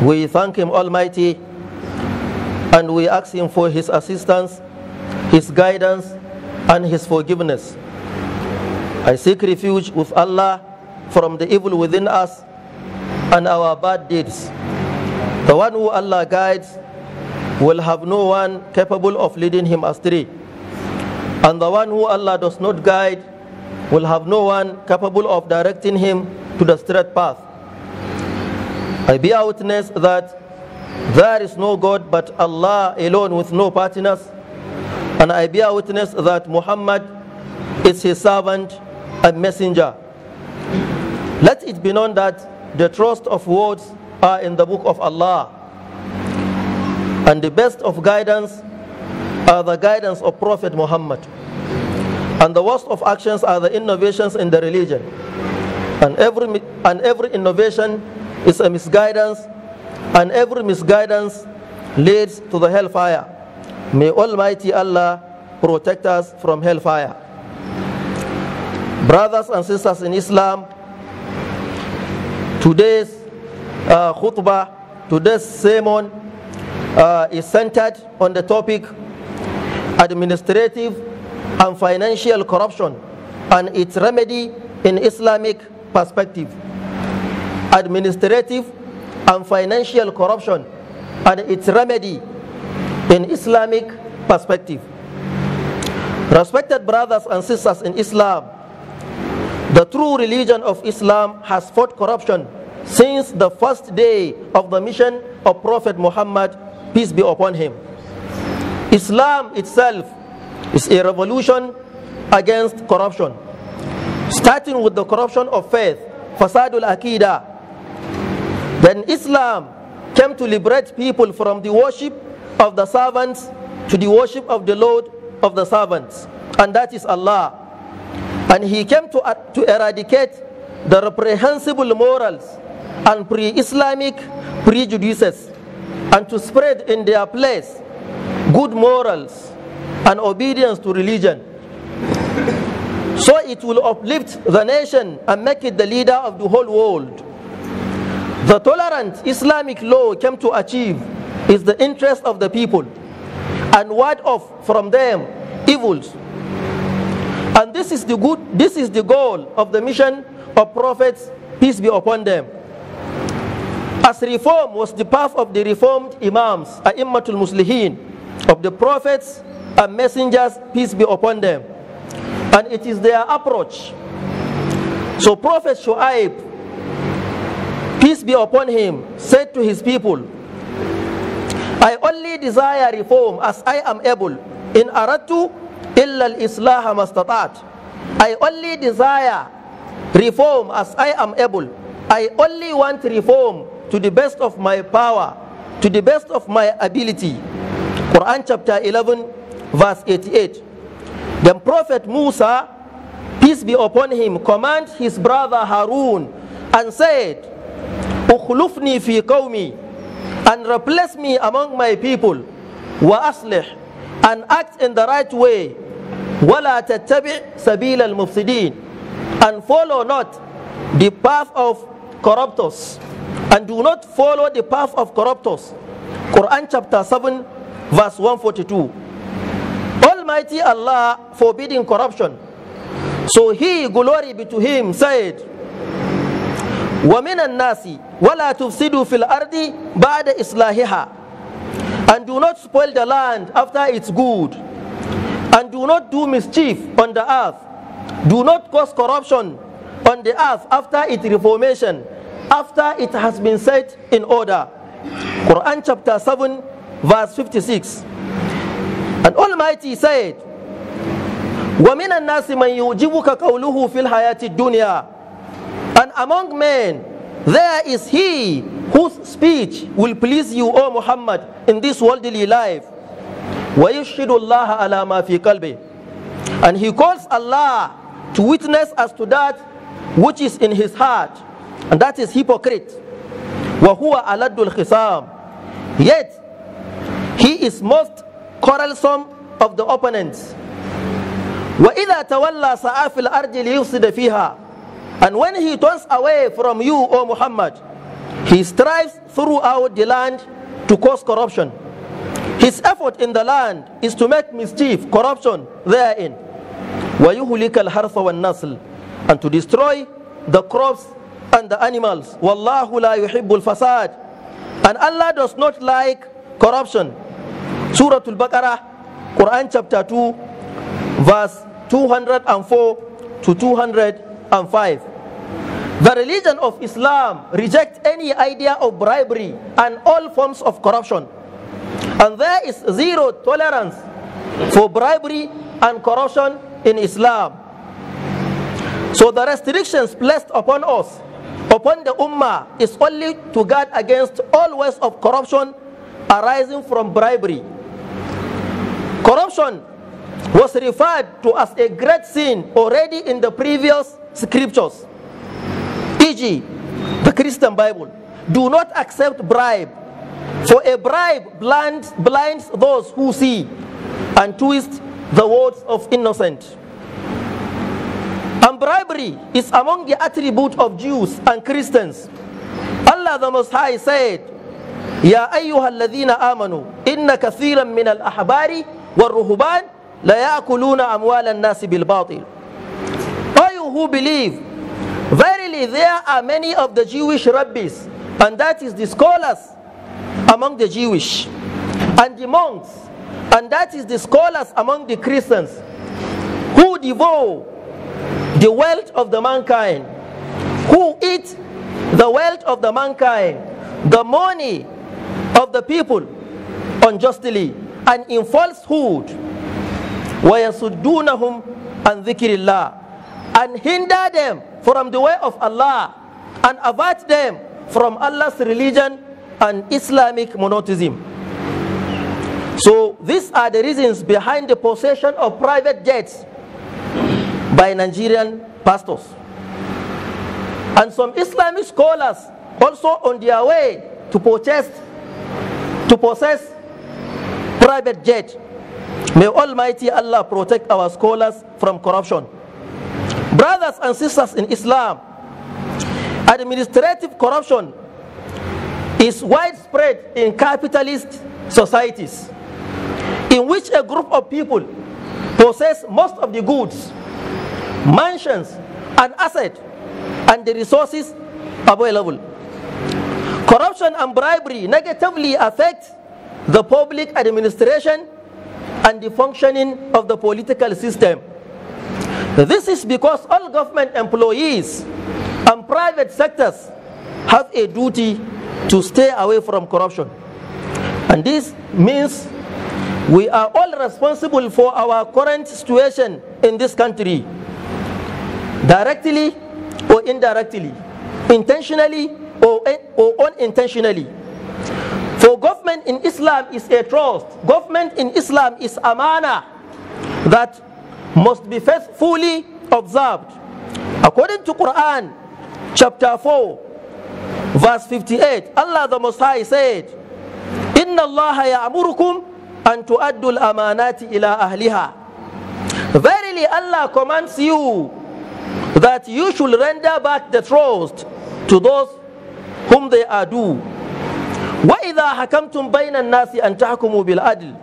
We thank Him Almighty and we ask Him for His assistance, His guidance, and His forgiveness. I seek refuge with Allah from the evil within us and our bad deeds. The one who Allah guides will have no one capable of leading him astray. And the one who Allah does not guide will have no one capable of directing him to the straight path. I bear witness that there is no God but Allah alone with no partners. And I bear witness that Muhammad is his servant and messenger. Let it be known that the trust of words are in the book of Allah. And the best of guidance are the guidance of Prophet Muhammad. And the worst of actions are the innovations in the religion. And every, and every innovation is a misguidance, and every misguidance leads to the hellfire. May Almighty Allah protect us from hellfire. Brothers and sisters in Islam, today's uh, khutbah, today's sermon uh, is centered on the topic administrative and financial corruption and its remedy in Islamic perspective. administrative and financial corruption and its remedy in Islamic perspective. Respected brothers and sisters in Islam, the true religion of Islam has fought corruption since the first day of the mission of Prophet Muhammad, peace be upon him. Islam itself is a revolution against corruption, starting with the corruption of faith, fasadul akida, Then Islam came to liberate people from the worship of the servants to the worship of the Lord of the servants, and that is Allah. And He came to, uh, to eradicate the reprehensible morals and pre Islamic prejudices, and to spread in their place good morals and obedience to religion. So it will uplift the nation and make it the leader of the whole world. The tolerant Islamic law came to achieve is the interest of the people and ward off from them evils. And this is the good this is the goal of the mission of prophets peace be upon them. As reform was the path of the reformed imams, A'immatul Muslihin, of the prophets and messengers, peace be upon them. And it is their approach. So Prophet Shu'aib peace be upon him, said to his people, I only desire reform as I am able. In aratu illa al-islah mastata'at. I only desire reform as I am able. I only want reform to the best of my power, to the best of my ability. Quran chapter 11 verse 88. Then Prophet Musa, peace be upon him, command his brother Harun and said, Ukhlufni fi qawmi and replace me among my people. Wa aslih and act in the right way. Wala tattabi' sabil al-mufsidin and follow not the path of corruptors and do not follow the path of corruptors. Quran chapter 7 verse 142. Almighty Allah forbidding corruption. So he, glory be to him, said, wa minan nasi wala tufsidu fil ardi ba'da islahiha and do not spoil the land after it's good and do not do mischief on the earth do not cause corruption on the earth after its reformation after it has been set in order Quran chapter 7 verse 56 and almighty said ومن الناس من يعجبك قوله في الحياة الدنيا And among men, there is he whose speech will please you, O Muhammad, in this worldly life. وَيُشْهِدُ اللَّهَ عَلَى مَا فِي قَلْبِهِ And he calls Allah to witness as to that which is in his heart. And that is hypocrite. وَهُوَ أَلَدُّ الْخِصَامِ Yet, he is most quarrelsome of the opponents. وَإِذَا تَوَلَّى سَعَى فِي الْأَرْضِ لِيُفْسِدَ فِيهَا and when he turns away from you, O Muhammad, he strives throughout the land to cause corruption. His effort in the land is to make mischief, corruption therein. وَيُهُلِكَ الْحَرْثَ وَالنَّسْلِ And to destroy the crops and the animals. وَاللَّهُ لَا يُحِبُّ الْفَسَادِ And Allah does not like corruption. Surah Al-Baqarah, Quran chapter 2, verse 204 to 205. The religion of Islam rejects any idea of bribery and all forms of corruption. And there is zero tolerance for bribery and corruption in Islam. So the restrictions placed upon us, upon the Ummah, is only to guard against all ways of corruption arising from bribery. Corruption was referred to as a great sin already in the previous scriptures. E.g., the Christian Bible. Do not accept bribe, for a bribe blind, blinds those who see and twist the words of innocent. And bribery is among the attributes of Jews and Christians. Allah the Most High said, يا أيها الذين آمنوا إن كثيرا من الأحبار والرهبان لا يأكلون أموال الناس بالباطل. All you who believe there are many of the Jewish rabbis, and that is the scholars among the Jewish, and the monks, and that is the scholars among the Christians, who devour the wealth of the mankind, who eat the wealth of the mankind, the money of the people unjustly and in falsehood. وَيَصُدُّونَهُمْ عَنْ ذِكْرِ اللَّهِ And hinder them from the way of Allah and avert them from Allah's religion and Islamic monotheism. So these are the reasons behind the possession of private jets by Nigerian pastors. And some Islamic scholars also on their way to purchase to possess private jet. May Almighty Allah protect our scholars from corruption. Brothers and sisters in Islam, administrative corruption is widespread in capitalist societies in which a group of people possess most of the goods, mansions, and assets and the resources available. Corruption and bribery negatively affect the public administration and the functioning of the political system. This is because all government employees and private sectors have a duty to stay away from corruption. And this means we are all responsible for our current situation in this country, directly or indirectly, intentionally or, or unintentionally. For government in Islam is a trust, government in Islam is amana that must be faithfully observed. According to Quran chapter 4 verse 58 Allah the Most High said Inna Allah ya'murukum an tu'addu amanati ila ahliha Verily Allah commands you that you should render back the trust to those whom they are due وَإِذَا حَكَمْتُمْ بَيْنَ النَّاسِ أَن تَحْكُمُوا بِالْعَدْلِ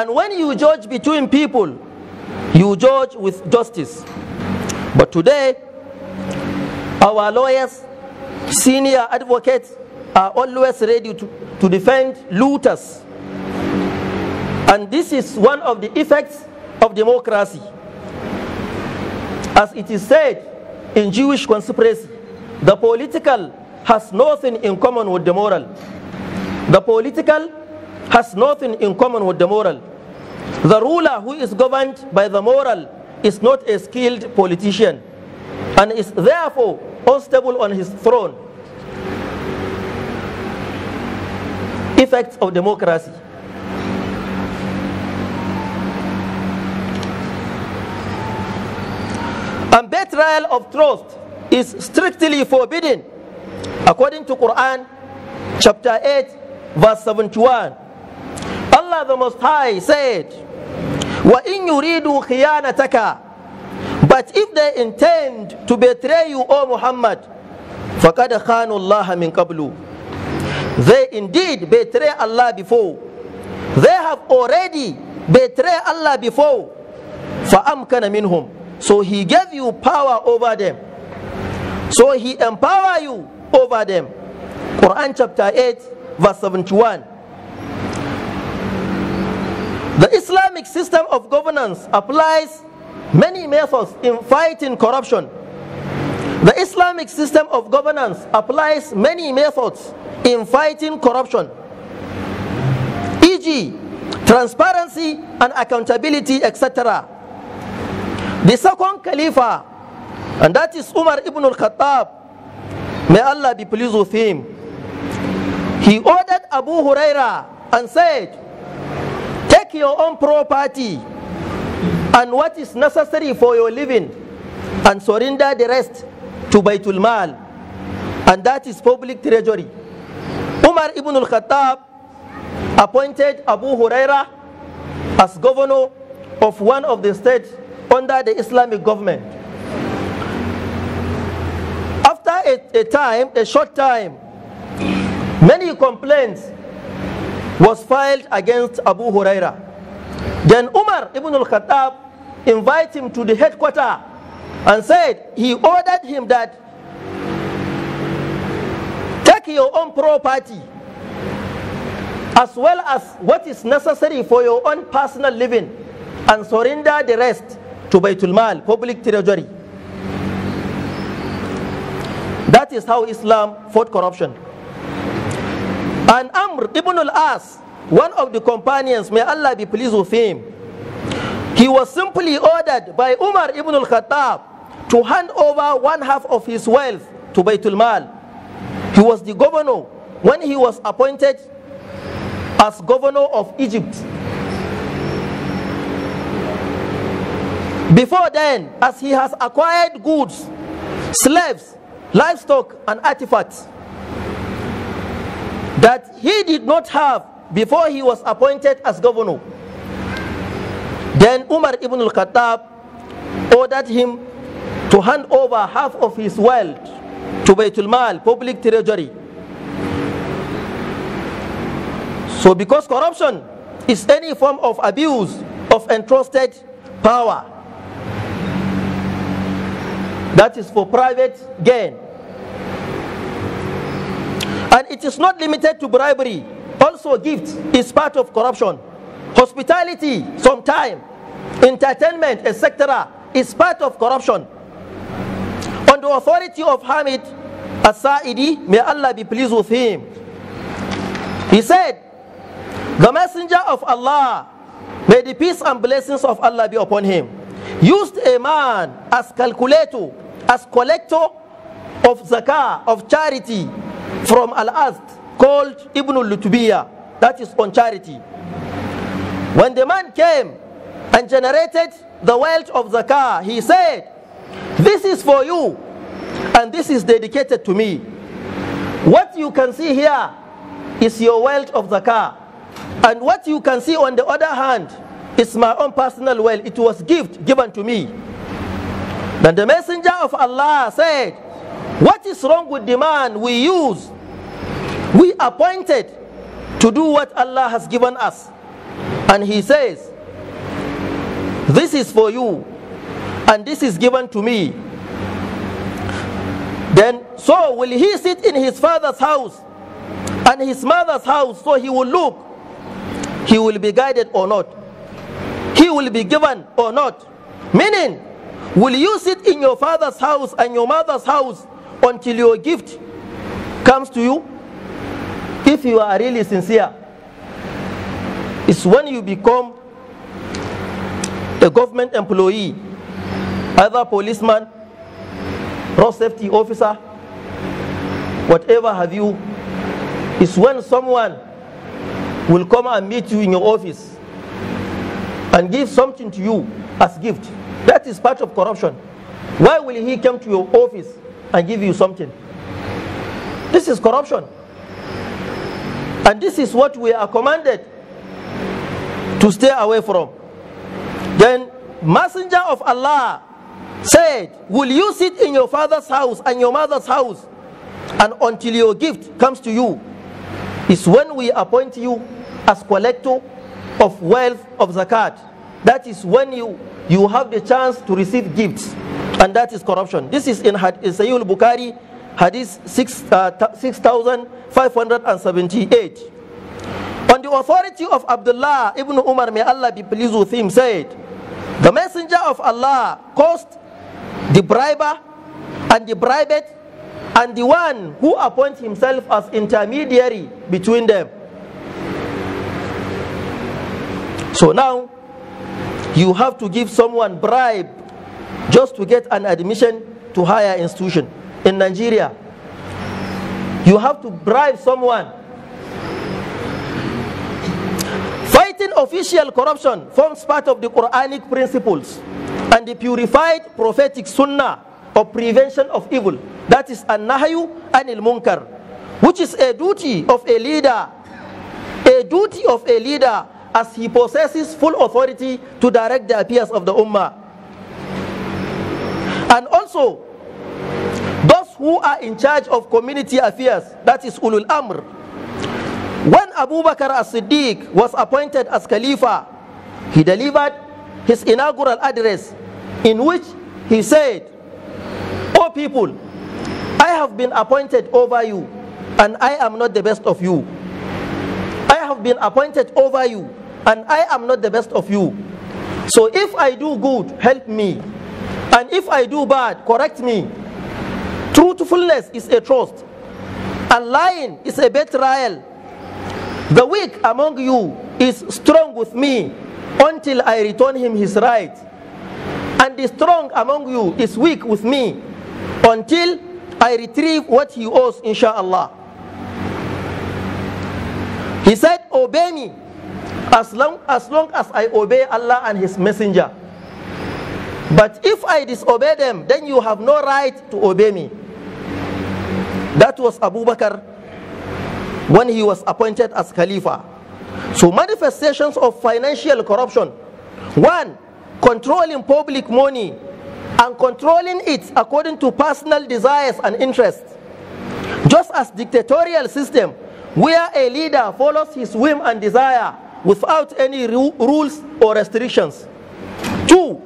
And when you judge between people You judge with justice. But today, our lawyers, senior advocates are always ready to, to defend looters. And this is one of the effects of democracy. As it is said in Jewish conspiracy, the political has nothing in common with the moral. The political has nothing in common with the moral. The ruler who is governed by the moral is not a skilled politician and is therefore unstable on his throne. Effects of democracy. And betrayal of trust is strictly forbidden according to Quran chapter 8 verse 71. Allah the Most High said, Wa in yuridu khiyanataka but if they intend to betray you O Muhammad faqad khanu Allah min qablu they indeed betray Allah before they have already betray Allah before Fa amkana minhum so he gave you power over them so he empower you over them Quran chapter 8 verse 71 The Islamic system of governance applies many methods in fighting corruption. The Islamic system of governance applies many methods in fighting corruption, e.g., transparency and accountability, etc. The second caliph, and that is Umar ibn al Khattab, may Allah be pleased with him, he ordered Abu Huraira and said, your own property and what is necessary for your living and surrender the rest to Baitul Mal and that is public treasury. Umar ibn al-Khattab appointed Abu Huraira as governor of one of the states under the Islamic government. After a, a time, a short time, many complaints was filed against Abu Huraira then Umar ibn al-Khattab invited him to the headquarters and said, he ordered him that take your own property as well as what is necessary for your own personal living and surrender the rest to Baytul Mal, public treasury. That is how Islam fought corruption. And Amr ibn al-As one of the companions, may Allah be pleased with him, he was simply ordered by Umar ibn al Khattab to hand over one half of his wealth to Baytul Mal. He was the governor when he was appointed as governor of Egypt. Before then, as he has acquired goods, slaves, livestock, and artifacts that he did not have before he was appointed as governor. Then Umar ibn al Khattab ordered him to hand over half of his wealth to Baytul Mal, public treasury. So, because corruption is any form of abuse of entrusted power, that is for private gain. And it is not limited to bribery also gift is part of corruption. Hospitality, sometime, entertainment, etc., is part of corruption. On the authority of Hamid As-Sa'idi, may Allah be pleased with him, he said, The messenger of Allah, may the peace and blessings of Allah be upon him, used a man as calculator, as collector of zakah, of charity from Al-Azd, called Ibn al-Lutubiyah. That is on charity. When the man came and generated the wealth of the car, he said, This is for you, and this is dedicated to me. What you can see here is your wealth of the car. And what you can see on the other hand is my own personal wealth. It was gift given to me. Then the messenger of Allah said, What is wrong with the man we use? We appointed to do what Allah has given us. And He says, This is for you, and this is given to me. Then, so will he sit in his father's house and his mother's house, so he will look. He will be guided or not. He will be given or not. Meaning, will you sit in your father's house and your mother's house until your gift comes to you? if you are really sincere, is when you become a government employee, either policeman, road safety officer, whatever have you, is when someone will come and meet you in your office and give something to you as gift. That is part of corruption. Why will he come to your office and give you something? This is corruption. And this is what we are commanded to stay away from. Then Messenger of Allah said, Will you sit in your father's house and your mother's house? And until your gift comes to you, is when we appoint you as collector of wealth of zakat. That is when you, you have the chance to receive gifts. And that is corruption. This is in, in Sayyid al-Bukhari hadith 6578. Uh, On the authority of Abdullah ibn Umar, may Allah be pleased with him, said, The messenger of Allah caused the briber and the bribed and the one who appoints himself as intermediary between them. So now, you have to give someone bribe just to get an admission to higher institution. in Nigeria. You have to bribe someone. Fighting official corruption forms part of the Quranic principles and the purified prophetic sunnah of prevention of evil. That is an-nahyu anil munkar, which is a duty of a leader, a duty of a leader as he possesses full authority to direct the affairs of the ummah. And also who are in charge of community affairs, that is Ulul Amr. When Abu Bakr as Siddiq was appointed as Khalifa, he delivered his inaugural address in which he said, O people, I have been appointed over you, and I am not the best of you. I have been appointed over you, and I am not the best of you. So if I do good, help me. And if I do bad, correct me. Truthfulness is a trust, and lying is a betrayal. The weak among you is strong with me until I return him his right, and the strong among you is weak with me until I retrieve what he owes, inshallah. He said, Obey me as long, as long as I obey Allah and His Messenger. But if I disobey them, then you have no right to obey me. That was Abubakar when he was appointed as Khalifa. So, manifestations of financial corruption one, controlling public money and controlling it according to personal desires and interests. Just as dictatorial system where a leader follows his whim and desire without any ru rules or restrictions. Two,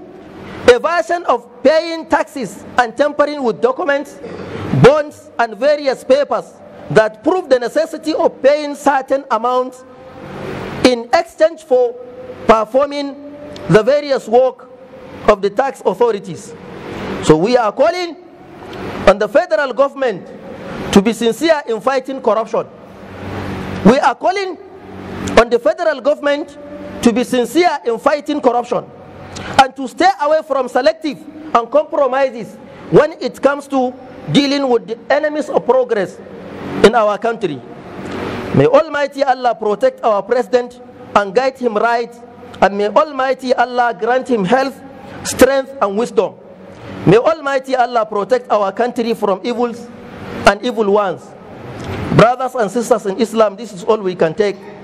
evasion of paying taxes and tampering with documents bonds, and various papers that prove the necessity of paying certain amounts in exchange for performing the various work of the tax authorities. So we are calling on the federal government to be sincere in fighting corruption. We are calling on the federal government to be sincere in fighting corruption and to stay away from selective and compromises when it comes to dealing with the enemies of progress in our country. May Almighty Allah protect our president and guide him right, and may Almighty Allah grant him health, strength, and wisdom. May Almighty Allah protect our country from evils and evil ones. Brothers and sisters in Islam, this is all we can take.